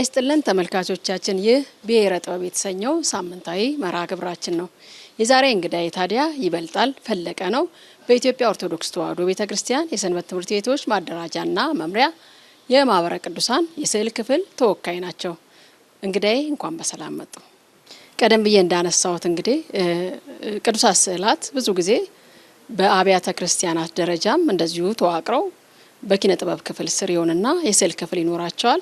ይስጥልን ተመልካቾቻችን፣ ይህ ብሔረ ጥበብ የተሰኘው ሳምንታዊ መርሃ ግብራችን ነው። የዛሬ እንግዳይ ታዲያ ይበልጣል ፈለቀ ነው። በኢትዮጵያ ኦርቶዶክስ ተዋሕዶ ቤተ ክርስቲያን የሰንበት ትምህርት ቤቶች ማደራጃና መምሪያ የማህበረ ቅዱሳን የስዕል ክፍል ተወካይ ናቸው። እንግዳይ እንኳን በሰላም መጡ። ቀደም ብዬ እንዳነሳሁት እንግዲህ ቅዱሳት ስዕላት ብዙ ጊዜ በአብያተ ክርስቲያናት ደረጃም እንደዚሁ ተዋቅረው በኪነ ጥበብ ክፍል ስር ይሆንና የስዕል ክፍል ይኖራቸዋል።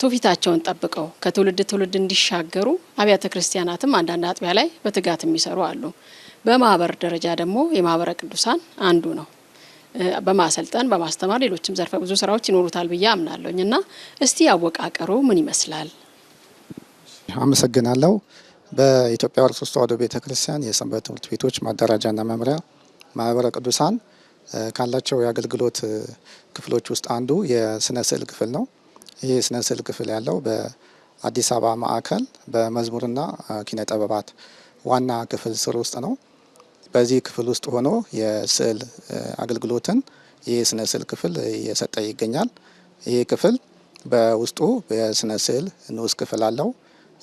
ትውፊታቸውን ጠብቀው ከትውልድ ትውልድ እንዲሻገሩ አብያተ ክርስቲያናትም አንዳንድ አጥቢያ ላይ በትጋት የሚሰሩ አሉ። በማህበር ደረጃ ደግሞ የማህበረ ቅዱሳን አንዱ ነው። በማሰልጠን በማስተማር ሌሎችም ዘርፈ ብዙ ስራዎች ይኖሩታል ብዬ አምናለሁኝ እና እስቲ አወቃቀሩ ምን ይመስላል? አመሰግናለሁ። በኢትዮጵያ ኦርቶዶክስ ተዋሕዶ ቤተ ክርስቲያን የሰንበት ትምህርት ቤቶች ማደራጃና መምሪያ ማህበረ ቅዱሳን ካላቸው የአገልግሎት ክፍሎች ውስጥ አንዱ የስነ ስዕል ክፍል ነው። ይህ ስነስል ስዕል ክፍል ያለው በአዲስ አበባ ማዕከል በመዝሙርና ኪነ ጥበባት ዋና ክፍል ስር ውስጥ ነው። በዚህ ክፍል ውስጥ ሆኖ የስዕል አገልግሎትን ይህ ስነ ስዕል ክፍል እየሰጠ ይገኛል። ይህ ክፍል በውስጡ የስነ ስዕል ንዑስ ክፍል አለው።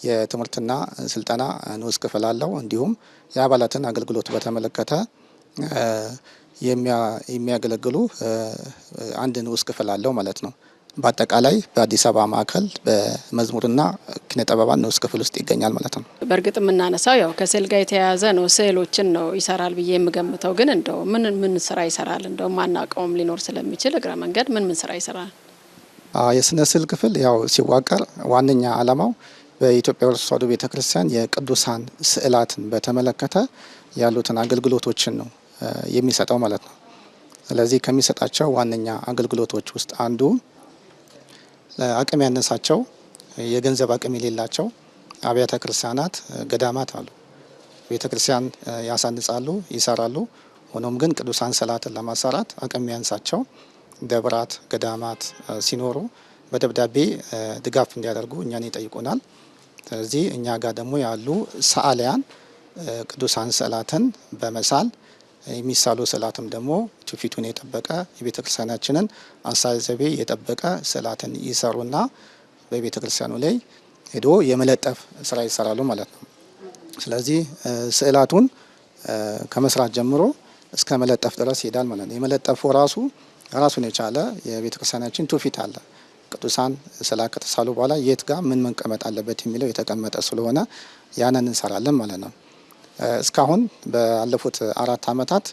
የትምህርትና ስልጠና ንዑስ ክፍል አለው። እንዲሁም የአባላትን አገልግሎት በተመለከተ የሚያገለግሉ አንድ ንዑስ ክፍል አለው ማለት ነው። በአጠቃላይ በአዲስ አበባ ማዕከል በመዝሙርና ኪነ ጥበባት ንዑስ ክፍል ውስጥ ይገኛል ማለት ነው። በእርግጥ የምናነሳው ያው ከስዕል ጋር የተያያዘ ነው። ስዕሎችን ነው ይሰራል ብዬ የምገምተው። ግን እንደው ምን ምን ስራ ይሰራል? እንደው ማናቀውም ሊኖር ስለሚችል እግረ መንገድ ምን ምን ስራ ይሰራል? የስነ ስዕል ክፍል ያው ሲዋቀር ዋነኛ ዓላማው በኢትዮጵያ ኦርቶዶክስ ተዋሕዶ ቤተ ክርስቲያን የቅዱሳን ስዕላትን በተመለከተ ያሉትን አገልግሎቶችን ነው የሚሰጠው ማለት ነው። ስለዚህ ከሚሰጣቸው ዋነኛ አገልግሎቶች ውስጥ አንዱ አቅም ያነሳቸው የገንዘብ አቅም የሌላቸው አብያተ ክርስቲያናት፣ ገዳማት አሉ። ቤተ ክርስቲያን ያሳንጻሉ፣ ይሰራሉ። ሆኖም ግን ቅዱሳን ሰላትን ለማሰራት አቅም ያንሳቸው ደብራት፣ ገዳማት ሲኖሩ በደብዳቤ ድጋፍ እንዲያደርጉ እኛን ይጠይቁናል። ስለዚህ እኛ ጋር ደግሞ ያሉ ሰዓሊያን ቅዱሳን ስዕላትን በመሳል የሚሳሉ ስዕላትም ደግሞ ትውፊቱን የጠበቀ የቤተ ክርስቲያናችንን አሳዘቤ የጠበቀ ስዕላትን ይሰሩና በቤተ ክርስቲያኑ ላይ ሄዶ የመለጠፍ ስራ ይሰራሉ ማለት ነው። ስለዚህ ስዕላቱን ከመስራት ጀምሮ እስከ መለጠፍ ድረስ ይሄዳል ማለት ነው። የመለጠፉ ራሱ ራሱን የቻለ የቤተ ክርስቲያናችን ትውፊት አለ። ቅዱሳን ስላ ከተሳሉ በኋላ የት ጋር ምን መቀመጥ አለበት የሚለው የተቀመጠ ስለሆነ ያንን እንሰራለን ማለት ነው። እስካሁን ባለፉት አራት ዓመታት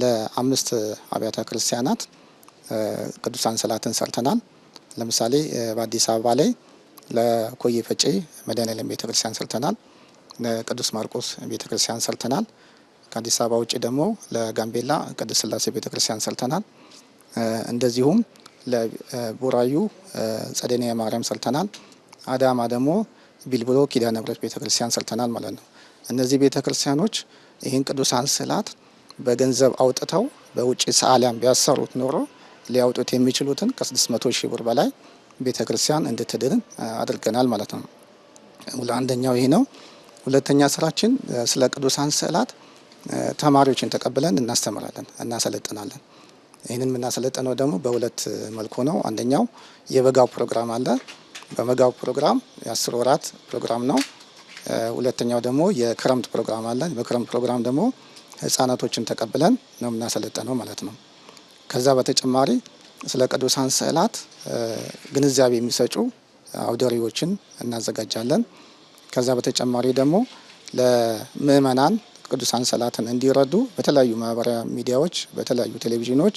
ለአምስት አብያተ ክርስቲያናት ቅዱሳን ስዕላትን ሰርተናል። ለምሳሌ በአዲስ አበባ ላይ ለኮዬ ፈጬ መድኃኔዓለም ቤተ ክርስቲያን ሰርተናል። ለቅዱስ ማርቆስ ቤተ ክርስቲያን ሰርተናል። ከአዲስ አበባ ውጭ ደግሞ ለጋምቤላ ቅዱስ ስላሴ ቤተ ክርስቲያን ሰርተናል። እንደዚሁም ለቡራዩ ጸደኔ ማርያም ሰርተናል። አዳማ ደግሞ ቢልብሎ ኪዳነ ምሕረት ቤተ ክርስቲያን ሰርተናል ማለት ነው። እነዚህ ቤተ ክርስቲያኖች ይህን ቅዱሳን ስዕላት በገንዘብ አውጥተው በውጭ ሰዓሊያን ቢያሰሩት ኖሮ ሊያውጡት የሚችሉትን ከ600 ሺህ ብር በላይ ቤተ ክርስቲያን እንድትድን አድርገናል ማለት ነው። አንደኛው ይህ ነው። ሁለተኛ ስራችን ስለ ቅዱሳን ስዕላት ተማሪዎችን ተቀብለን እናስተምራለን፣ እናሰለጥናለን። ይህንን የምናሰለጥነው ደግሞ በሁለት መልኩ ነው። አንደኛው የበጋው ፕሮግራም አለ። በበጋው ፕሮግራም የአስር ወራት ፕሮግራም ነው። ሁለተኛው ደግሞ የክረምት ፕሮግራም አለን። በክረምት ፕሮግራም ደግሞ ህጻናቶችን ተቀብለን ነው የምናሰለጠነው ማለት ነው። ከዛ በተጨማሪ ስለ ቅዱሳን ስዕላት ግንዛቤ የሚሰጩ አውደሪዎችን እናዘጋጃለን። ከዛ በተጨማሪ ደግሞ ለምእመናን ቅዱሳን ስዕላትን እንዲረዱ በተለያዩ ማህበራዊ ሚዲያዎች፣ በተለያዩ ቴሌቪዥኖች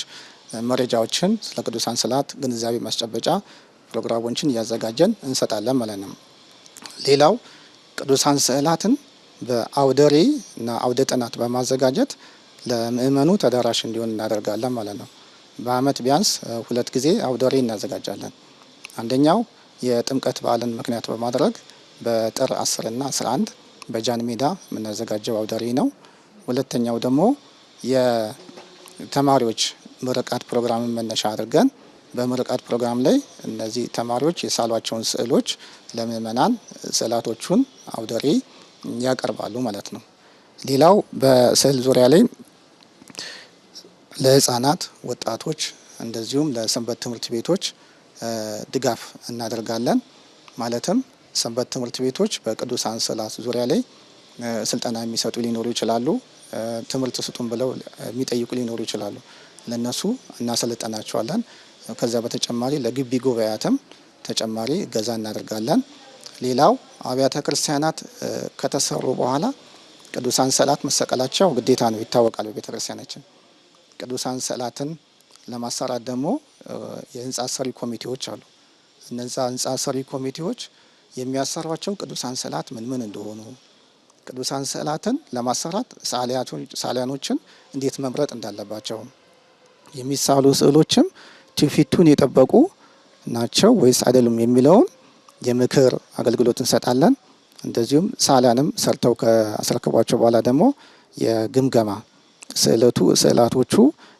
መረጃዎችን ስለ ቅዱሳን ስዕላት ግንዛቤ ማስጨበጫ ፕሮግራሞችን እያዘጋጀን እንሰጣለን ማለት ነው። ሌላው ቅዱሳን ስዕላትን በአውደ ርዕይ እና አውደ ጥናት በማዘጋጀት ለምእመኑ ተደራሽ እንዲሆን እናደርጋለን ማለት ነው። በአመት ቢያንስ ሁለት ጊዜ አውደ ርዕይ እናዘጋጃለን። አንደኛው የጥምቀት በዓልን ምክንያት በማድረግ በጥር 10 እና 11 በጃን ሜዳ የምናዘጋጀው አውደ ርዕይ ነው። ሁለተኛው ደግሞ የተማሪዎች ምርቃት ፕሮግራምን መነሻ አድርገን በምርቃት ፕሮግራም ላይ እነዚህ ተማሪዎች የሳሏቸውን ስዕሎች ለምእመናን ስዕላቶቹን አውደሪ ያቀርባሉ ማለት ነው። ሌላው በስዕል ዙሪያ ላይ ለህፃናት፣ ወጣቶች እንደዚሁም ለሰንበት ትምህርት ቤቶች ድጋፍ እናደርጋለን። ማለትም ሰንበት ትምህርት ቤቶች በቅዱሳን ስዕላት ዙሪያ ላይ ስልጠና የሚሰጡ ሊኖሩ ይችላሉ። ትምህርት ስጡን ብለው የሚጠይቁ ሊኖሩ ይችላሉ። ለነሱ እናሰለጠናቸዋለን። ከዛ በተጨማሪ ለግቢ ጉባኤያትም ተጨማሪ እገዛ እናደርጋለን። ሌላው አብያተ ክርስቲያናት ከተሰሩ በኋላ ቅዱሳን ስዕላት መሰቀላቸው ግዴታ ነው ይታወቃል። በቤተ ክርስቲያናችን ቅዱሳን ስዕላትን ለማሰራት ደግሞ የህንፃ ሰሪ ኮሚቴዎች አሉ። እነዛ ህንፃ ሰሪ ኮሚቴዎች የሚያሰሯቸው ቅዱሳን ስዕላት ምን ምን እንደሆኑ፣ ቅዱሳን ስዕላትን ለማሰራት ሳሊያኖችን እንዴት መምረጥ እንዳለባቸው የሚሳሉ ስዕሎችም ትውፊቱን የጠበቁ ናቸው ወይስ አይደሉም የሚለውን የምክር አገልግሎት እንሰጣለን። እንደዚሁም ሳላንም ሰርተው ከአስረከቧቸው በኋላ ደግሞ የግምገማ ስዕለቱ ስዕላቶቹ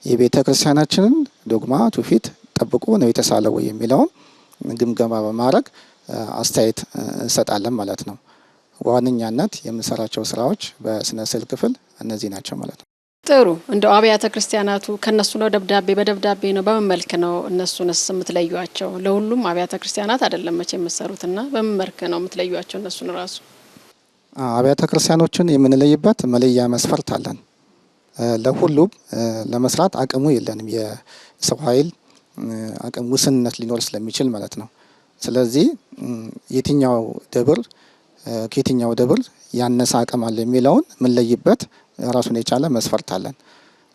የቤተ ክርስቲያናችንን ዶግማ ትውፊት ጠብቆ ነው የተሳለው የሚለውን ግምገማ በማድረግ አስተያየት እንሰጣለን ማለት ነው። ዋነኛነት የምንሰራቸው ስራዎች በስነ ስዕል ክፍል እነዚህ ናቸው ማለት ነው። ጥሩ እንደው አብያተ ክርስቲያናቱ ከነሱ ነው ደብዳቤ በደብዳቤ ነው በምን መልክ ነው እነሱንስ የምትለዩቸው? ለሁሉም አብያተ ክርስቲያናት አይደለም መቼ የምትሰሩትና በምን መልክ ነው የምትለዩቸው እነሱን ራሱ? አብያተ ክርስቲያኖችን የምንለይበት መለያ መስፈርት አለን። ለሁሉም ለመስራት አቅሙ የለንም። የሰው ኃይል አቅም ውስንነት ሊኖር ስለሚችል ማለት ነው። ስለዚህ የትኛው ደብር ከየትኛው ደብር ያነሰ አቅም አለ የሚለውን ምንለይበት ራሱን የቻለ መስፈርት አለን።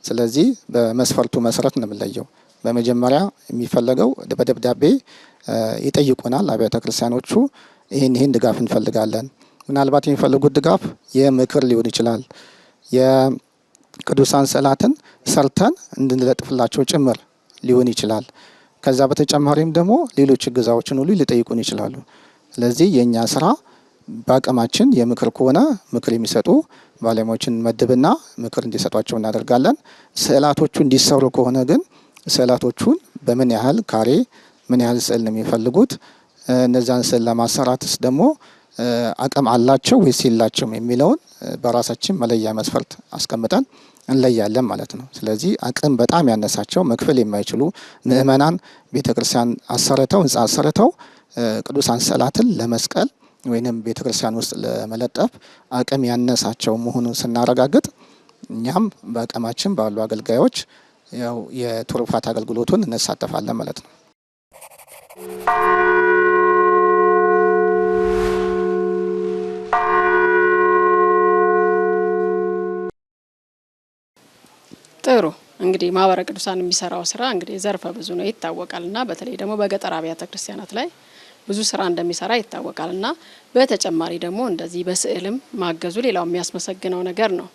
ስለዚህ በመስፈርቱ መሰረት ነው የምንለየው። በመጀመሪያ የሚፈለገው በደብዳቤ ይጠይቁናል አብያተ ክርስቲያኖቹ ይህን ይህን ድጋፍ እንፈልጋለን። ምናልባት የሚፈልጉት ድጋፍ የምክር ሊሆን ይችላል። የቅዱሳን ስዕላትን ሰርተን እንድንለጥፍላቸው ጭምር ሊሆን ይችላል። ከዛ በተጨማሪም ደግሞ ሌሎች እገዛዎችን ሁሉ ሊጠይቁን ይችላሉ። ስለዚህ የእኛ ስራ በአቅማችን የምክር ከሆነ ምክር የሚሰጡ ባለሙያዎችን መድብና ምክር እንዲሰጧቸው እናደርጋለን። ስዕላቶቹ እንዲሰሩ ከሆነ ግን ስዕላቶቹን በምን ያህል ካሬ፣ ምን ያህል ስዕል ነው የሚፈልጉት፣ እነዚያን ስዕል ለማሰራትስ ደግሞ አቅም አላቸው ወይስ የላቸውም የሚለውን በራሳችን መለያ መስፈርት አስቀምጠን እንለያለን ማለት ነው። ስለዚህ አቅም በጣም ያነሳቸው መክፈል የማይችሉ ምእመናን ቤተክርስቲያን አሰርተው ህንፃ አሰርተው ቅዱሳን ስዕላትን ለመስቀል ወይንም ቤተክርስቲያን ውስጥ ለመለጠፍ አቅም ያነሳቸው መሆኑን ስናረጋግጥ እኛም በአቅማችን ባሉ አገልጋዮች ያው የትሩፋት አገልግሎቱን እንሳተፋለን ማለት ነው። ጥሩ እንግዲህ ማህበረ ቅዱሳን የሚሰራው ስራ እንግዲህ ዘርፈ ብዙ ነው ይታወቃል እና በተለይ ደግሞ በገጠር አብያተ ክርስቲያናት ላይ ብዙ ስራ እንደሚሰራ ይታወቃል እና በተጨማሪ ደግሞ እንደዚህ በስዕልም ማገዙ ሌላው የሚያስመሰግነው ነገር ነው።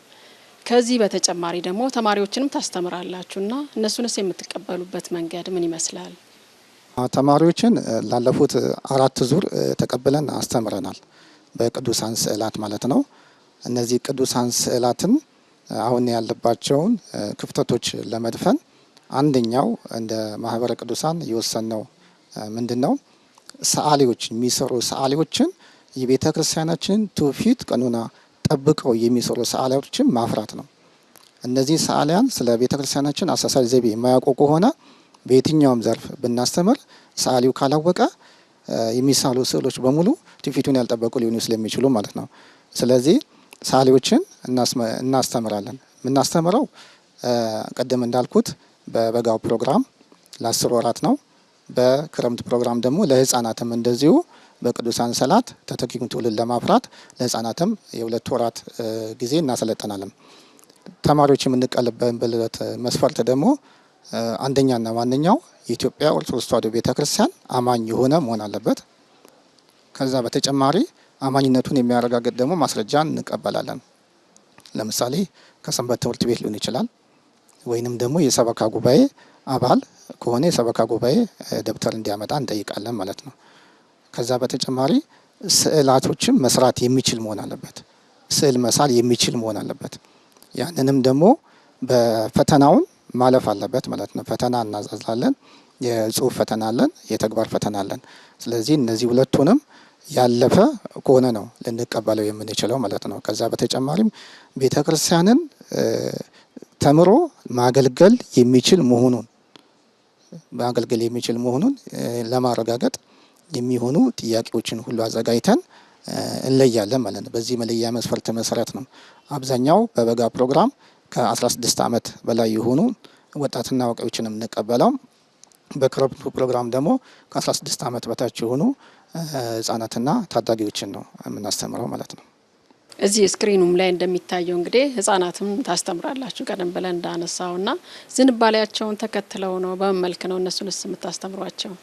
ከዚህ በተጨማሪ ደግሞ ተማሪዎችንም ታስተምራላችሁ እና እነሱንስ የምትቀበሉበት መንገድ ምን ይመስላል? ተማሪዎችን ላለፉት አራት ዙር ተቀብለን አስተምረናል። በቅዱሳን ስዕላት ማለት ነው። እነዚህ ቅዱሳን ስዕላትን አሁን ያለባቸውን ክፍተቶች ለመድፈን አንደኛው እንደ ማህበረ ቅዱሳን ነው ምንድን ነው ሰዓሊዎችን የሚሰሩ ሰዓሊዎችን የቤተ ክርስቲያናችንን ትውፊት ቀኖና ጠብቀው የሚሰሩ ሰዓሊዎችን ማፍራት ነው። እነዚህ ሰዓሊያን ስለ ቤተ ክርስቲያናችን አሳሳል ዘይቤ የማያውቁ ከሆነ በየትኛውም ዘርፍ ብናስተምር ሰዓሊው ካላወቀ የሚሳሉ ስዕሎች በሙሉ ትውፊቱን ያልጠበቁ ሊሆኑ ስለሚችሉ ማለት ነው። ስለዚህ ሰዓሊዎችን እናስተምራለን። የምናስተምረው ቅድም እንዳልኩት በበጋው ፕሮግራም ለአስር ወራት ነው። በክረምት ፕሮግራም ደግሞ ለህፃናትም እንደዚሁ በቅዱሳን ሰላት ተተኪውን ትውልድ ለማፍራት ለህፃናትም የሁለት ወራት ጊዜ እናሰለጠናለን። ተማሪዎች የምንቀበልበት መስፈርት ደግሞ አንደኛና ዋነኛው የኢትዮጵያ ኦርቶዶክስ ተዋሕዶ ቤተ ክርስቲያን አማኝ የሆነ መሆን አለበት። ከዛ በተጨማሪ አማኝነቱን የሚያረጋግጥ ደግሞ ማስረጃ እንቀበላለን። ለምሳሌ ከሰንበት ትምህርት ቤት ሊሆን ይችላል። ወይንም ደግሞ የሰበካ ጉባኤ አባል ከሆነ የሰበካ ጉባኤ ደብተር እንዲያመጣ እንጠይቃለን ማለት ነው። ከዛ በተጨማሪ ስዕላቶችን መስራት የሚችል መሆን አለበት። ስዕል መሳል የሚችል መሆን አለበት። ያንንም ደግሞ በፈተናውን ማለፍ አለበት ማለት ነው። ፈተና እናዛዝላለን። የጽሁፍ ፈተና አለን፣ የተግባር ፈተና አለን። ስለዚህ እነዚህ ሁለቱንም ያለፈ ከሆነ ነው ልንቀበለው የምንችለው ማለት ነው። ከዛ በተጨማሪም ቤተ ክርስቲያንን ተምሮ ማገልገል የሚችል መሆኑን ማገልገል የሚችል መሆኑን ለማረጋገጥ የሚሆኑ ጥያቄዎችን ሁሉ አዘጋጅተን እንለያለን ማለት ነው። በዚህ መለያ መስፈርት መሰረት ነው አብዛኛው በበጋ ፕሮግራም ከ16 ዓመት በላይ የሆኑ ወጣትና አዋቂዎችን የምንቀበለው። በክረምቱ ፕሮግራም ደግሞ ከ16 ዓመት በታች የሆኑ ህጻናትና ታዳጊዎችን ነው የምናስተምረው ማለት ነው። እዚህ ስክሪኑም ላይ እንደሚታየው እንግዲህ ህጻናትም ታስተምራላችሁ። ቀደም ብለን እንዳነሳው ና ዝንባሌያቸውን ተከትለው ነው መልክ ነው እነሱንስ የምታስተምሯቸው?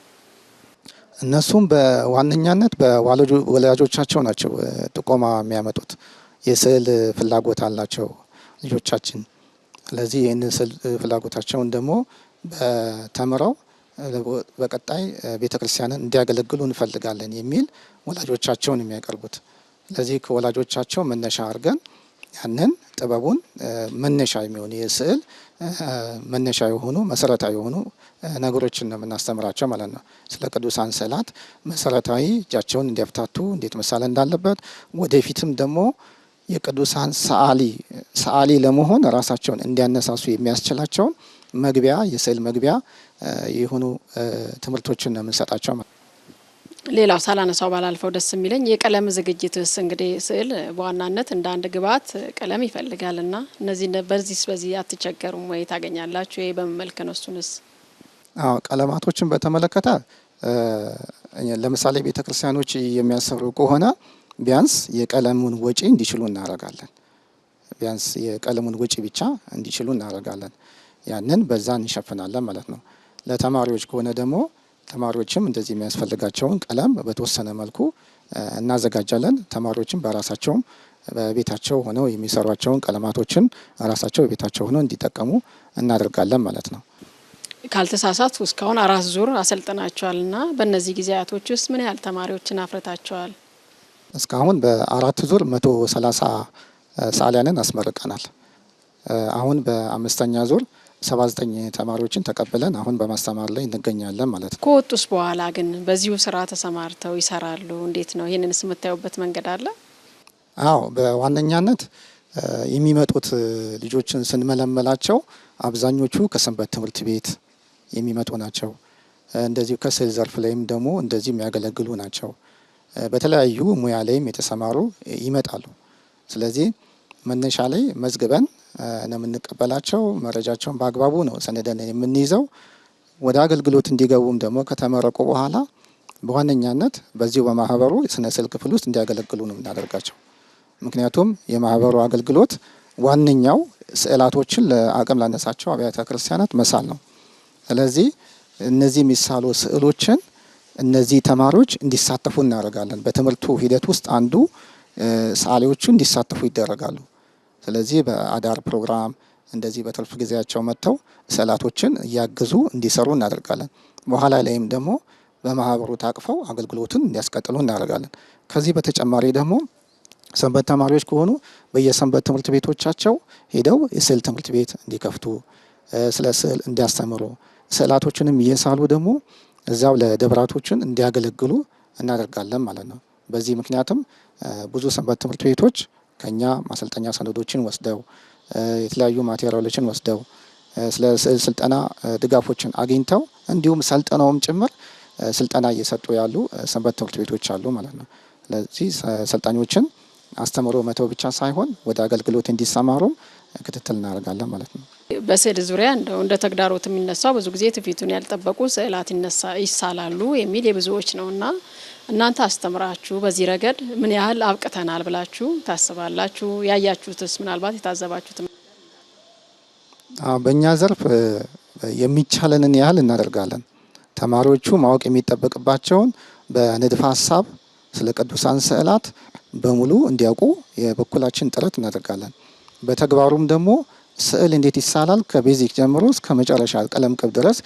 እነሱም በዋነኛነት በወላጆቻቸው ናቸው ጥቆማ የሚያመጡት። የስዕል ፍላጎት አላቸው ልጆቻችን። ስለዚህ ይህን ስዕል ፍላጎታቸውን ደግሞ ተምረው በቀጣይ ቤተ ክርስቲያንን እንዲያገለግሉ እንፈልጋለን የሚል ወላጆቻቸውን የሚያቀርቡት ለዚህ ከወላጆቻቸው መነሻ አድርገን ያንን ጥበቡን መነሻ የሚሆን የስዕል መነሻ የሆኑ መሰረታዊ የሆኑ ነገሮችን ነው የምናስተምራቸው ማለት ነው። ስለ ቅዱሳን ስዕላት መሰረታዊ እጃቸውን እንዲያፍታቱ እንዴት መሳለ እንዳለበት ወደፊትም ደግሞ የቅዱሳን ሰዓሊ ሰዓሊ ለመሆን ራሳቸውን እንዲያነሳሱ የሚያስችላቸውን መግቢያ የስዕል መግቢያ የሆኑ ትምህርቶችን ነው የምንሰጣቸው ማለት ነው። ሌላው ሳላነሳው ባላልፈው ደስ የሚለኝ የቀለም ስ እንግዲህ ስዕል በዋናነት እንደ አንድ ግብዓት ቀለም ይፈልጋል እና እነዚህ በዚህ በዚህ አትቸገሩም ወይ ታገኛላችሁ? ይ በመመልክ ነው። እሱንስ? አዎ ቀለማቶችን በተመለከተ ለምሳሌ ቤተ ክርስቲያኖች የሚያሰሩ ከሆነ ቢያንስ የቀለሙን ወጪ እንዲችሉ እናደርጋለን። ቢያንስ የቀለሙን ወጪ ብቻ እንዲችሉ እናደርጋለን። ያንን በዛ እንሸፍናለን ማለት ነው። ለተማሪዎች ከሆነ ደግሞ ተማሪዎችም እንደዚህ የሚያስፈልጋቸውን ቀለም በተወሰነ መልኩ እናዘጋጃለን። ተማሪዎችም በራሳቸውም በቤታቸው ሆነው የሚሰሯቸውን ቀለማቶችን ራሳቸው በቤታቸው ሆነው እንዲጠቀሙ እናደርጋለን ማለት ነው። ካልተሳሳት እስካሁን አራት ዙር አሰልጥናቸዋል እና በእነዚህ ጊዜያቶች ውስጥ ምን ያህል ተማሪዎችን አፍረታቸዋል? እስካሁን በአራት ዙር መቶ ሰላሳ ሰዓሊያንን አስመርቀናል። አሁን በአምስተኛ ዙር 79 ተማሪዎችን ተቀብለን አሁን በማስተማር ላይ እንገኛለን ማለት ነው። ከወጡስ በኋላ ግን በዚሁ ስራ ተሰማርተው ይሰራሉ። እንዴት ነው ይህንን የምታዩበት መንገድ አለ? አዎ በዋነኛነት የሚመጡት ልጆችን ስንመለመላቸው አብዛኞቹ ከሰንበት ትምህርት ቤት የሚመጡ ናቸው። እንደዚሁ ከስዕል ዘርፍ ላይም ደግሞ እንደዚሁ የሚያገለግሉ ናቸው። በተለያዩ ሙያ ላይም የተሰማሩ ይመጣሉ። ስለዚህ መነሻ ላይ መዝግበን ነው የምንቀበላቸው። መረጃቸውን በአግባቡ ነው ሰነደን የምንይዘው። ወደ አገልግሎት እንዲገቡም ደግሞ ከተመረቁ በኋላ በዋነኛነት በዚሁ በማህበሩ የስነ ስዕል ክፍል ውስጥ እንዲያገለግሉ ነው የምናደርጋቸው። ምክንያቱም የማህበሩ አገልግሎት ዋነኛው ስዕላቶችን ለአቅም ላነሳቸው አብያተ ክርስቲያናት መሳል ነው። ስለዚህ እነዚህ የሚሳሉ ስዕሎችን እነዚህ ተማሪዎች እንዲሳተፉ እናደርጋለን። በትምህርቱ ሂደት ውስጥ አንዱ ሰዓሊዎቹ እንዲሳተፉ ይደረጋሉ። ስለዚህ በአዳር ፕሮግራም እንደዚህ በትርፍ ጊዜያቸው መጥተው ሰላቶችን እያግዙ እንዲሰሩ እናደርጋለን። በኋላ ላይም ደግሞ በማህበሩ ታቅፈው አገልግሎትን እንዲያስቀጥሉ እናደርጋለን። ከዚህ በተጨማሪ ደግሞ ሰንበት ተማሪዎች ከሆኑ በየሰንበት ትምህርት ቤቶቻቸው ሄደው የስዕል ትምህርት ቤት እንዲከፍቱ ስለ ስዕል እንዲያስተምሩ ስዕላቶችንም እየሳሉ ደግሞ እዚያው ለደብራቶችን እንዲያገለግሉ እናደርጋለን ማለት ነው። በዚህ ምክንያትም ብዙ ሰንበት ትምህርት ቤቶች ከኛ ማሰልጠኛ ሰነዶችን ወስደው የተለያዩ ማቴሪያሎችን ወስደው ስለ ስዕል ስልጠና ድጋፎችን አግኝተው እንዲሁም ሰልጥነውም ጭምር ስልጠና እየሰጡ ያሉ ሰንበት ትምህርት ቤቶች አሉ ማለት ነው። ስለዚህ ሰልጣኞችን አስተምሮ መተው ብቻ ሳይሆን ወደ አገልግሎት እንዲሰማሩም ክትትል እናደርጋለን ማለት ነው። በስዕል ዙሪያ እንደው እንደ ተግዳሮት የሚነሳው ብዙ ጊዜ ትውፊቱን ያልጠበቁ ስዕላት ይሳላሉ የሚል የብዙዎች ነውና እናንተ አስተምራችሁ በዚህ ረገድ ምን ያህል አብቅተናል ብላችሁ ታስባላችሁ? ያያችሁትስ ምናልባት የታዘባችሁት? በእኛ ዘርፍ የሚቻለንን ያህል እናደርጋለን። ተማሪዎቹ ማወቅ የሚጠበቅባቸውን በንድፈ ሀሳብ ስለ ቅዱሳን ስዕላት በሙሉ እንዲያውቁ የበኩላችን ጥረት እናደርጋለን። በተግባሩም ደግሞ ስዕል እንዴት ይሳላል ከቤዚክ ጀምሮ እስከ መጨረሻ ቀለም ቅብ ድረስ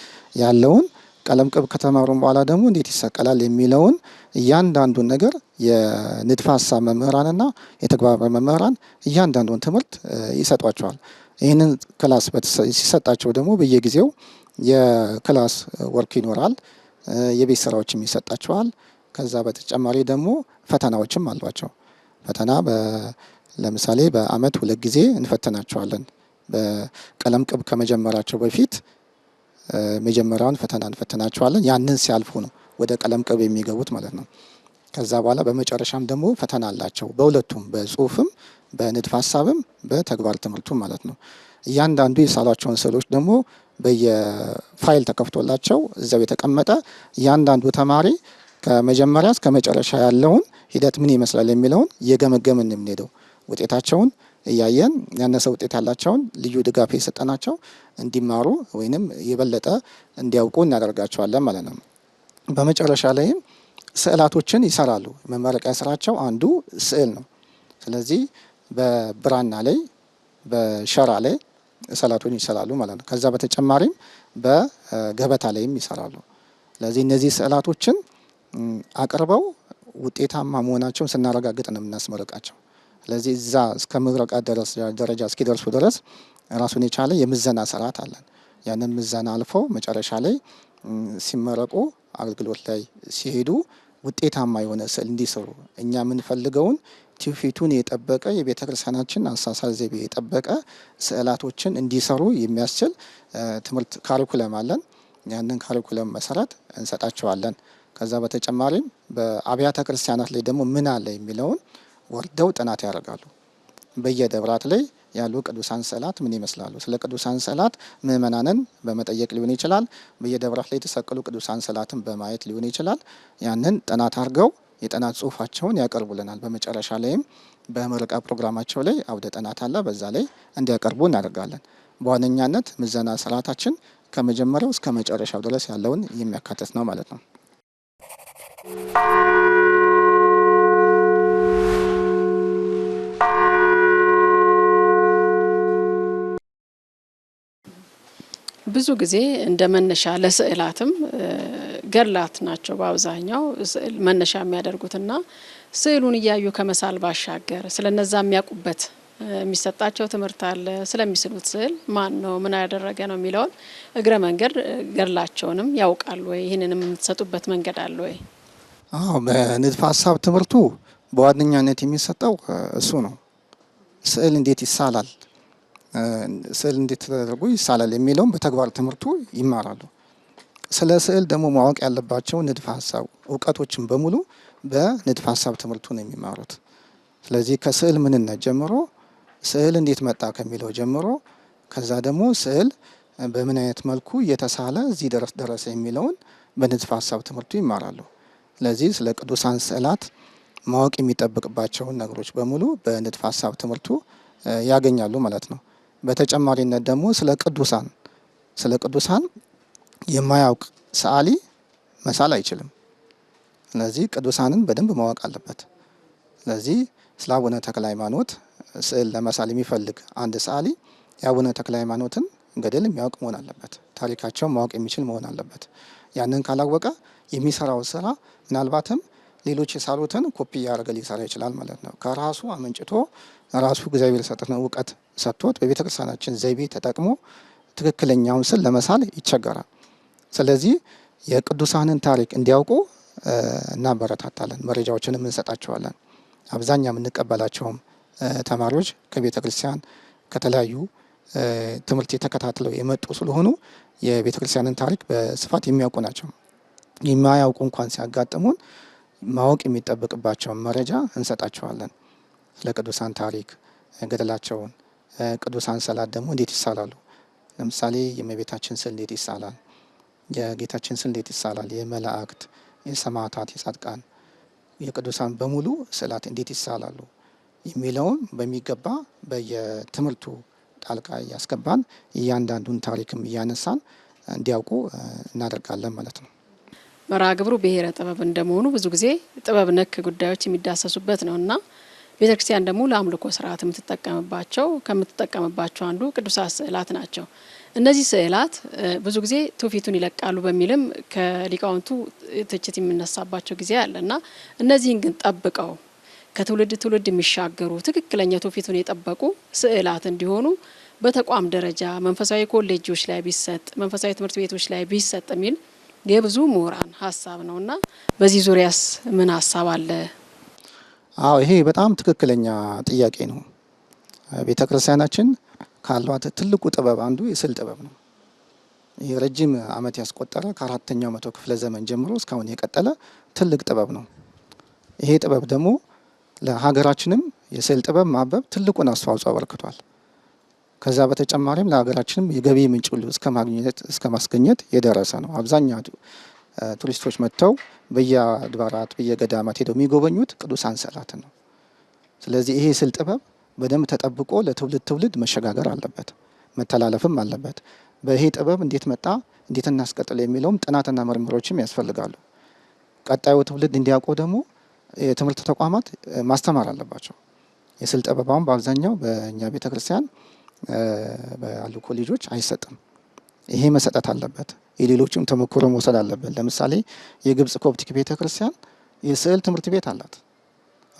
ያለውን ቀለም ቅብ ከተማሩም በኋላ ደግሞ እንዴት ይሰቀላል የሚለውን እያንዳንዱን ነገር የንድፈ ሀሳብ መምህራንና የተግባባዊ መምህራን እያንዳንዱን ትምህርት ይሰጧቸዋል። ይህንን ክላስ ሲሰጣቸው ደግሞ በየጊዜው የክላስ ወርክ ይኖራል። የቤት ስራዎችም ይሰጣቸዋል። ከዛ በተጨማሪ ደግሞ ፈተናዎችም አሏቸው። ፈተና ለምሳሌ በአመት ሁለት ጊዜ እንፈትናቸዋለን። በቀለም ቅብ ከመጀመራቸው በፊት መጀመሪያውን ፈተና እንፈትናቸዋለን። ያንን ሲያልፉ ነው ወደ ቀለም ቅብ የሚገቡት ማለት ነው። ከዛ በኋላ በመጨረሻም ደግሞ ፈተና አላቸው። በሁለቱም በጽሁፍም በንድፍ ሀሳብም በተግባር ትምህርቱ ማለት ነው። እያንዳንዱ የሳሏቸውን ስዕሎች ደግሞ በየፋይል ተከፍቶላቸው እዚያው የተቀመጠ እያንዳንዱ ተማሪ ከመጀመሪያ እስከ መጨረሻ ያለውን ሂደት ምን ይመስላል የሚለውን የገመገምን የምንሄደው ውጤታቸውን እያየን ያነሰ ውጤት ያላቸውን ልዩ ድጋፍ የሰጠናቸው እንዲማሩ ወይንም የበለጠ እንዲያውቁ እናደርጋቸዋለን ማለት ነው። በመጨረሻ ላይም ስዕላቶችን ይሰራሉ። መመረቂያ ስራቸው አንዱ ስዕል ነው። ስለዚህ በብራና ላይ በሸራ ላይ ስዕላቱን ይሰራሉ ማለት ነው። ከዛ በተጨማሪም በገበታ ላይም ይሰራሉ። ስለዚህ እነዚህ ስዕላቶችን አቅርበው ውጤታማ መሆናቸውን ስናረጋግጥ ነው የምናስመረቃቸው። ስለዚህ እዛ እስከ ምረቃ ደረስ ደረጃ እስኪደርሱ ድረስ ራሱን የቻለ የምዘና ስርዓት አለን። ያንን ምዘና አልፎ መጨረሻ ላይ ሲመረቁ አገልግሎት ላይ ሲሄዱ ውጤታማ የሆነ ስዕል እንዲሰሩ እኛ የምንፈልገውን ትውፊቱን የጠበቀ የቤተ ክርስቲያናችን አሳሳል ዘይቤ የጠበቀ ስዕላቶችን እንዲሰሩ የሚያስችል ትምህርት ካሪኩለም አለን። ያንን ካሪኩለም መሰረት እንሰጣቸዋለን። ከዛ በተጨማሪም በአብያተ ክርስቲያናት ላይ ደግሞ ምን አለ የሚለውን ወርደው ጥናት ያደርጋሉ። በየደብራት ላይ ያሉ ቅዱሳን ስዕላት ምን ይመስላሉ? ስለ ቅዱሳን ስዕላት ምእመናንን በመጠየቅ ሊሆን ይችላል። በየደብራት ላይ የተሰቀሉ ቅዱሳን ስዕላትን በማየት ሊሆን ይችላል። ያንን ጥናት አድርገው የጥናት ጽሁፋቸውን ያቀርቡልናል። በመጨረሻ ላይም በምረቃ ፕሮግራማቸው ላይ አውደ ጥናት አለ። በዛ ላይ እንዲያቀርቡ እናደርጋለን። በዋነኛነት ምዘና ስርዓታችን ከመጀመሪያው እስከ መጨረሻው ድረስ ያለውን የሚያካተት ነው ማለት ነው። ብዙ ጊዜ እንደ መነሻ ለስዕላትም ገድላት ናቸው በአብዛኛው ስዕል መነሻ የሚያደርጉትና ስዕሉን እያዩ ከመሳል ባሻገር ስለነዛ የሚያውቁበት የሚሰጣቸው ትምህርት አለ። ስለሚስሉት ስዕል ማን ነው ምን ያደረገ ነው የሚለውን እግረ መንገድ ገድላቸውንም ያውቃሉ ወይ? ይህንንም የምትሰጡበት መንገድ አለ ወይ? አዎ፣ በንድፈ ሀሳብ ትምህርቱ በዋነኛነት የሚሰጠው እሱ ነው። ስዕል እንዴት ይሳላል ስዕል እንዴት ተደርጎ ይሳላል የሚለውም በተግባር ትምህርቱ ይማራሉ። ስለ ስዕል ደግሞ ማወቅ ያለባቸው ንድፈ ሀሳብ እውቀቶችን በሙሉ በንድፈ ሀሳብ ትምህርቱ ነው የሚማሩት። ስለዚህ ከስዕል ምንነት ጀምሮ ስዕል እንዴት መጣ ከሚለው ጀምሮ ከዛ ደግሞ ስዕል በምን አይነት መልኩ እየተሳለ እዚህ ድረስ ደረሰ የሚለውን በንድፈ ሀሳብ ትምህርቱ ይማራሉ። ስለዚህ ስለ ቅዱሳን ስዕላት ማወቅ የሚጠብቅባቸውን ነገሮች በሙሉ በንድፈ ሀሳብ ትምህርቱ ያገኛሉ ማለት ነው። በተጨማሪነት ደግሞ ስለ ቅዱሳን ስለ ቅዱሳን የማያውቅ ሰዓሊ መሳል አይችልም። ስለዚህ ቅዱሳንን በደንብ ማወቅ አለበት። ስለዚህ ስለ አቡነ ተክለ ሃይማኖት ስዕል ለመሳል የሚፈልግ አንድ ሰዓሊ የአቡነ ተክለ ሃይማኖትን ገድል የሚያውቅ መሆን አለበት። ታሪካቸው ማወቅ የሚችል መሆን አለበት። ያንን ካላወቀ የሚሰራው ስራ ምናልባትም ሌሎች የሳሉትን ኮፒ እያደረገ ሊሰራ ይችላል ማለት ነው። ከራሱ አመንጭቶ ራሱ እግዚአብሔር የሰጠን እውቀት ሰጥቶት በቤተ ክርስቲያናችን ዘይቤ ተጠቅሞ ትክክለኛውን ስል ለመሳል ይቸገራል። ስለዚህ የቅዱሳንን ታሪክ እንዲያውቁ እናበረታታለን፣ መረጃዎችንም እንሰጣቸዋለን። አብዛኛ የምንቀበላቸውም ተማሪዎች ከቤተ ክርስቲያን ከተለያዩ ትምህርት የተከታትለው የመጡ ስለሆኑ የቤተ ክርስቲያንን ታሪክ በስፋት የሚያውቁ ናቸው። የማያውቁ እንኳን ሲያጋጥሙን ማወቅ የሚጠበቅባቸውን መረጃ እንሰጣቸዋለን። ስለ ቅዱሳን ታሪክ ገድላቸውን፣ ቅዱሳን ሰላት ደግሞ እንዴት ይሳላሉ? ለምሳሌ የእመቤታችን ስዕል እንዴት ይሳላል? የጌታችን ስዕል እንዴት ይሳላል? የመላእክት፣ የሰማዕታት፣ የጻድቃን፣ የቅዱሳን በሙሉ ስዕላት እንዴት ይሳላሉ የሚለውን በሚገባ በየትምህርቱ ጣልቃ እያስገባን እያንዳንዱን ታሪክም እያነሳን እንዲያውቁ እናደርጋለን ማለት ነው። መርሃ ግብሩ ብሔረ ጥበብ እንደመሆኑ ብዙ ጊዜ ጥበብ ነክ ጉዳዮች የሚዳሰሱበት ነው እና ቤተ ክርስቲያን ደግሞ ለአምልኮ ስርዓት የምትጠቀምባቸው ከምትጠቀምባቸው አንዱ ቅዱሳት ስዕላት ናቸው። እነዚህ ስዕላት ብዙ ጊዜ ትውፊቱን ይለቃሉ በሚልም ከሊቃውንቱ ትችት የሚነሳባቸው ጊዜ አለ እና እነዚህን ግን ጠብቀው ከትውልድ ትውልድ የሚሻገሩ ትክክለኛ ትውፊቱን የጠበቁ ስዕላት እንዲሆኑ በተቋም ደረጃ መንፈሳዊ ኮሌጆች ላይ ቢሰጥ፣ መንፈሳዊ ትምህርት ቤቶች ላይ ቢሰጥ የሚል የብዙ ምሁራን ሀሳብ እና በዚህ ዙሪያስ ምን ሀሳብ አለ? አዎ ይሄ በጣም ትክክለኛ ጥያቄ ነው። ቤተ ክርስቲያናችን ካሏት ትልቁ ጥበብ አንዱ የስዕል ጥበብ ነው። ረጅም ዓመት ያስቆጠረ ከአራተኛው መቶ ክፍለ ዘመን ጀምሮ እስካሁን የቀጠለ ትልቅ ጥበብ ነው። ይሄ ጥበብ ደግሞ ለሀገራችንም የስዕል ጥበብ ማበብ ትልቁን አስተዋጽኦ አበርክቷል። ከዛ በተጨማሪም ለሀገራችንም የገቢ ምንጭ እስከ ማግኘት እስከ ማስገኘት የደረሰ ነው። አብዛኛው ቱሪስቶች መጥተው በየአድባራት በየገዳማት ሄደው የሚጎበኙት ቅዱሳን ስዕላት ነው። ስለዚህ ይሄ ስል ጥበብ በደንብ ተጠብቆ ለትውልድ ትውልድ መሸጋገር አለበት፣ መተላለፍም አለበት። በይሄ ጥበብ እንዴት መጣ፣ እንዴት እናስቀጥል የሚለውም ጥናትና ምርምሮችም ያስፈልጋሉ። ቀጣዩ ትውልድ እንዲያውቀው ደግሞ የትምህርት ተቋማት ማስተማር አለባቸው። የስል ጥበባውን በአብዛኛው በእኛ ቤተክርስቲያን ባሉ ኮሌጆች አይሰጥም። ይሄ መሰጠት አለበት። የሌሎችም ተሞክሮ መውሰድ አለበት። ለምሳሌ የግብጽ ኮፕቲክ ቤተክርስቲያን የስዕል ትምህርት ቤት አላት።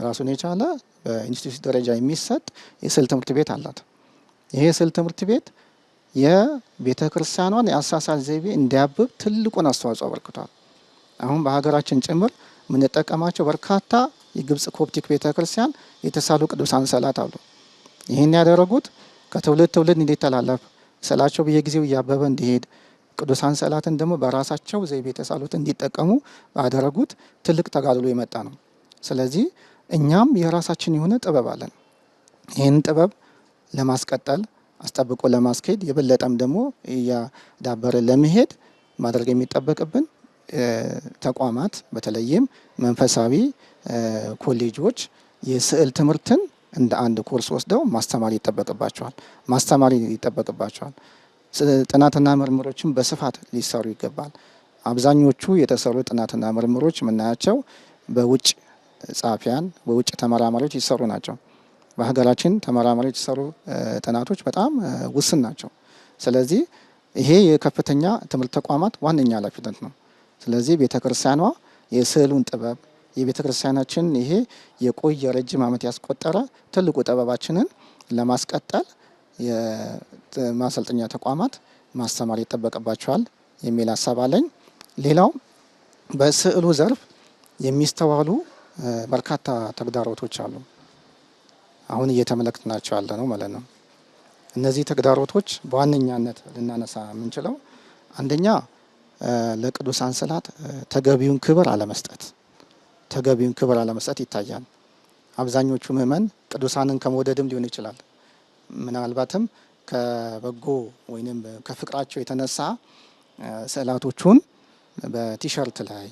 ራሱን የቻለ በኢንስቲትዩት ደረጃ የሚሰጥ የስዕል ትምህርት ቤት አላት። ይሄ የስዕል ትምህርት ቤት የቤተ ክርስቲያኗን የአሳሳል ዘይቤ እንዲያብብ ትልቁን አስተዋጽኦ አበርክቷል። አሁን በሀገራችን ጭምር የምንጠቀማቸው በርካታ የግብጽ ኮፕቲክ ቤተ ክርስቲያን የተሳሉ ቅዱሳን ስዕላት አሉ። ይህን ያደረጉት ከትውልድ ትውልድ እንዲተላለፍ ስዕላቸው በየጊዜው እያበበ እንዲሄድ ቅዱሳን ስዕላትን ደግሞ በራሳቸው ዘይቤ የተሳሉት እንዲጠቀሙ ባደረጉት ትልቅ ተጋድሎ የመጣ ነው። ስለዚህ እኛም የራሳችን የሆነ ጥበብ አለን። ይህን ጥበብ ለማስቀጠል አስጠብቆ ለማስኬድ የበለጠም ደግሞ እያዳበረ ለመሄድ ማድረግ የሚጠበቅብን ተቋማት በተለይም መንፈሳዊ ኮሌጆች የስዕል ትምህርትን እንደ አንድ ኮርስ ወስደው ማስተማር ይጠበቅባቸዋል ማስተማር ይጠበቅባቸዋል። ጥናትና ምርምሮችን በስፋት ሊሰሩ ይገባል። አብዛኞቹ የተሰሩ ጥናትና ምርምሮች የምናያቸው በውጭ ጻፊያን በውጭ ተመራማሪዎች ይሰሩ ናቸው። በሀገራችን ተመራማሪዎች የተሰሩ ጥናቶች በጣም ውስን ናቸው። ስለዚህ ይሄ የከፍተኛ ትምህርት ተቋማት ዋነኛ ኃላፊነት ነው። ስለዚህ ቤተ ክርስቲያኗ የስዕሉን ጥበብ የቤተ ክርስቲያናችን ይሄ የቆየ ረጅም ዓመት ያስቆጠረ ትልቁ ጥበባችንን ለማስቀጠል የማሰልጠኛ ተቋማት ማስተማር ይጠበቅባቸዋል የሚል ሀሳብ አለኝ። ሌላው በስዕሉ ዘርፍ የሚስተዋሉ በርካታ ተግዳሮቶች አሉ። አሁን እየተመለከትናቸው ያለ ነው ማለት ነው። እነዚህ ተግዳሮቶች በዋነኛነት ልናነሳ የምንችለው አንደኛ ለቅዱሳን ስዕላት ተገቢውን ክብር አለመስጠት ተገቢውን ክብር አለመስጠት ይታያል። አብዛኞቹ ምእመን ቅዱሳንን ከመውደድም ሊሆን ይችላል። ምናልባትም ከበጎ ወይም ከፍቅራቸው የተነሳ ስዕላቶቹን በቲሸርት ላይ፣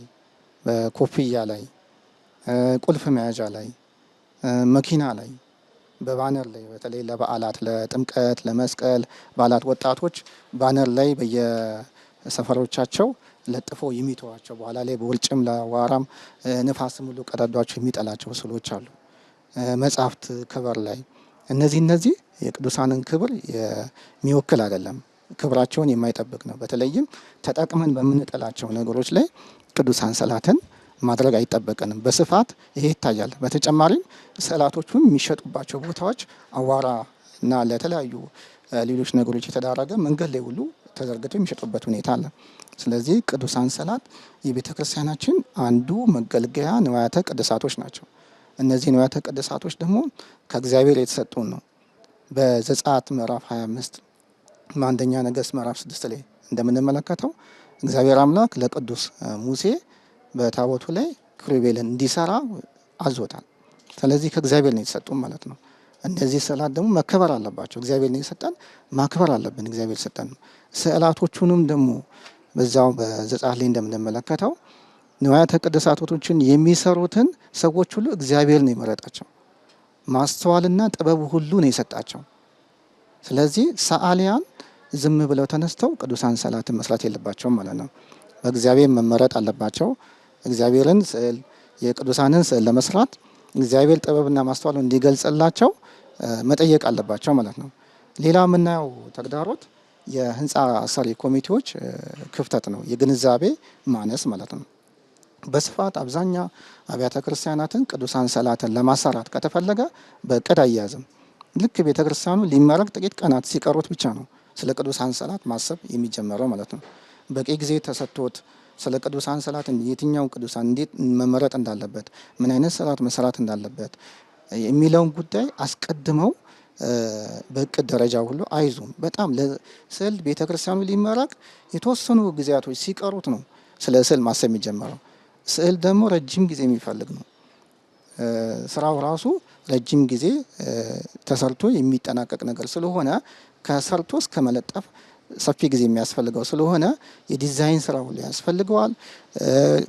በኮፍያ ላይ፣ ቁልፍ መያዣ ላይ፣ መኪና ላይ፣ በባነር ላይ በተለይ ለበዓላት ለጥምቀት፣ ለመስቀል በዓላት ወጣቶች ባነር ላይ በየሰፈሮቻቸው ለጥፎ የሚተዋቸው በኋላ ላይ በወልጭም ለዋራም ንፋስም ሁሉ ቀዳዷቸው የሚጠላቸው ስዕሎች አሉ። መጽሐፍት ክብር ላይ እነዚህ እነዚህ የቅዱሳንን ክብር የሚወክል አይደለም፣ ክብራቸውን የማይጠብቅ ነው። በተለይም ተጠቅመን በምንጠላቸው ነገሮች ላይ ቅዱሳን ሰላትን ማድረግ አይጠበቅንም በስፋት ይሄ ይታያል። በተጨማሪም ሰላቶቹም የሚሸጡባቸው ቦታዎች አዋራ እና ለተለያዩ ሌሎች ነገሮች የተዳረገ መንገድ ላይ ሁሉ ተዘርግተው የሚሸጡበት ሁኔታ አለ። ስለዚህ ቅዱሳን ሰላት የቤተ ክርስቲያናችን አንዱ መገልገያ ንዋያተ ቅድሳቶች ናቸው። እነዚህ ንዋያተ ቅድሳቶች ደግሞ ከእግዚአብሔር የተሰጡን ነው። በዘጸአት ምዕራፍ 25 በአንደኛ ነገስት ምዕራፍ 6 ላይ እንደምንመለከተው እግዚአብሔር አምላክ ለቅዱስ ሙሴ በታቦቱ ላይ ክሩቤልን እንዲሰራ አዞታል። ስለዚህ ከእግዚአብሔር ነው የተሰጡ ማለት ነው። እነዚህ ሰላት ደግሞ መከበር አለባቸው። እግዚአብሔር ነው የሰጠን፣ ማክበር አለብን። እግዚአብሔር ሰጠን ስዕላቶቹንም ደግሞ በዛው በዘጸአት ላይ እንደምንመለከተው ንዋያተ ቅድሳቶችን የሚሰሩትን ሰዎች ሁሉ እግዚአብሔር ነው የመረጣቸው። ማስተዋልና ጥበብ ሁሉ ነው የሰጣቸው። ስለዚህ ሰዓሊያን ዝም ብለው ተነስተው ቅዱሳን ስዕላትን መስራት የለባቸውም ማለት ነው። በእግዚአብሔር መመረጥ አለባቸው። እግዚአብሔርን ስዕል የቅዱሳንን ስዕል ለመስራት እግዚአብሔር ጥበብና ማስተዋል እንዲገልጽላቸው መጠየቅ አለባቸው ማለት ነው። ሌላ የምናየው ተግዳሮት የህንፃ ሰሪ ኮሚቴዎች ክፍተት ነው፣ የግንዛቤ ማነስ ማለት ነው። በስፋት አብዛኛ አብያተ ክርስቲያናትን ቅዱሳን ሰላትን ለማሰራት ከተፈለገ በቅድ አያያዝም ልክ ቤተ ክርስቲያኑ ሊመረቅ ጥቂት ቀናት ሲቀሩት ብቻ ነው ስለ ቅዱሳን ሰላት ማሰብ የሚጀመረው ማለት ነው። በቂ ጊዜ ተሰጥቶት ስለ ቅዱሳን ስዕላት የትኛው ቅዱሳን እንዴት መመረጥ እንዳለበት፣ ምን አይነት ሰላት መሰራት እንዳለበት የሚለውን ጉዳይ አስቀድመው በእቅድ ደረጃ ሁሉ አይዞም በጣም ለስዕል ቤተክርስቲያኑ ሊመረቅ የተወሰኑ ጊዜያቶች ሲቀሩት ነው ስለ ስዕል ማሰብ የሚጀመረው። ስዕል ደግሞ ረጅም ጊዜ የሚፈልግ ነው። ስራው ራሱ ረጅም ጊዜ ተሰርቶ የሚጠናቀቅ ነገር ስለሆነ ከሰርቶ እስከ መለጠፍ ሰፊ ጊዜ የሚያስፈልገው ስለሆነ የዲዛይን ስራ ሁሉ ያስፈልገዋል።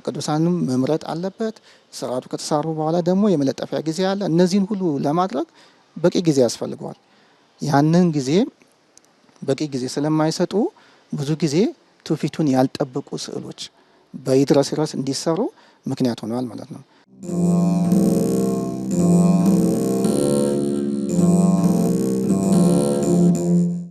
ቅዱሳንም መምረጥ አለበት። ስርዓቱ ከተሰሩ በኋላ ደግሞ የመለጠፊያ ጊዜ አለ። እነዚህን ሁሉ ለማድረግ በቂ ጊዜ ያስፈልገዋል። ያንን ጊዜ በቂ ጊዜ ስለማይሰጡ ብዙ ጊዜ ትውፊቱን ያልጠበቁ ስዕሎች በይድረስ እንዲሰሩ ምክንያት ሆነዋል ማለት ነው።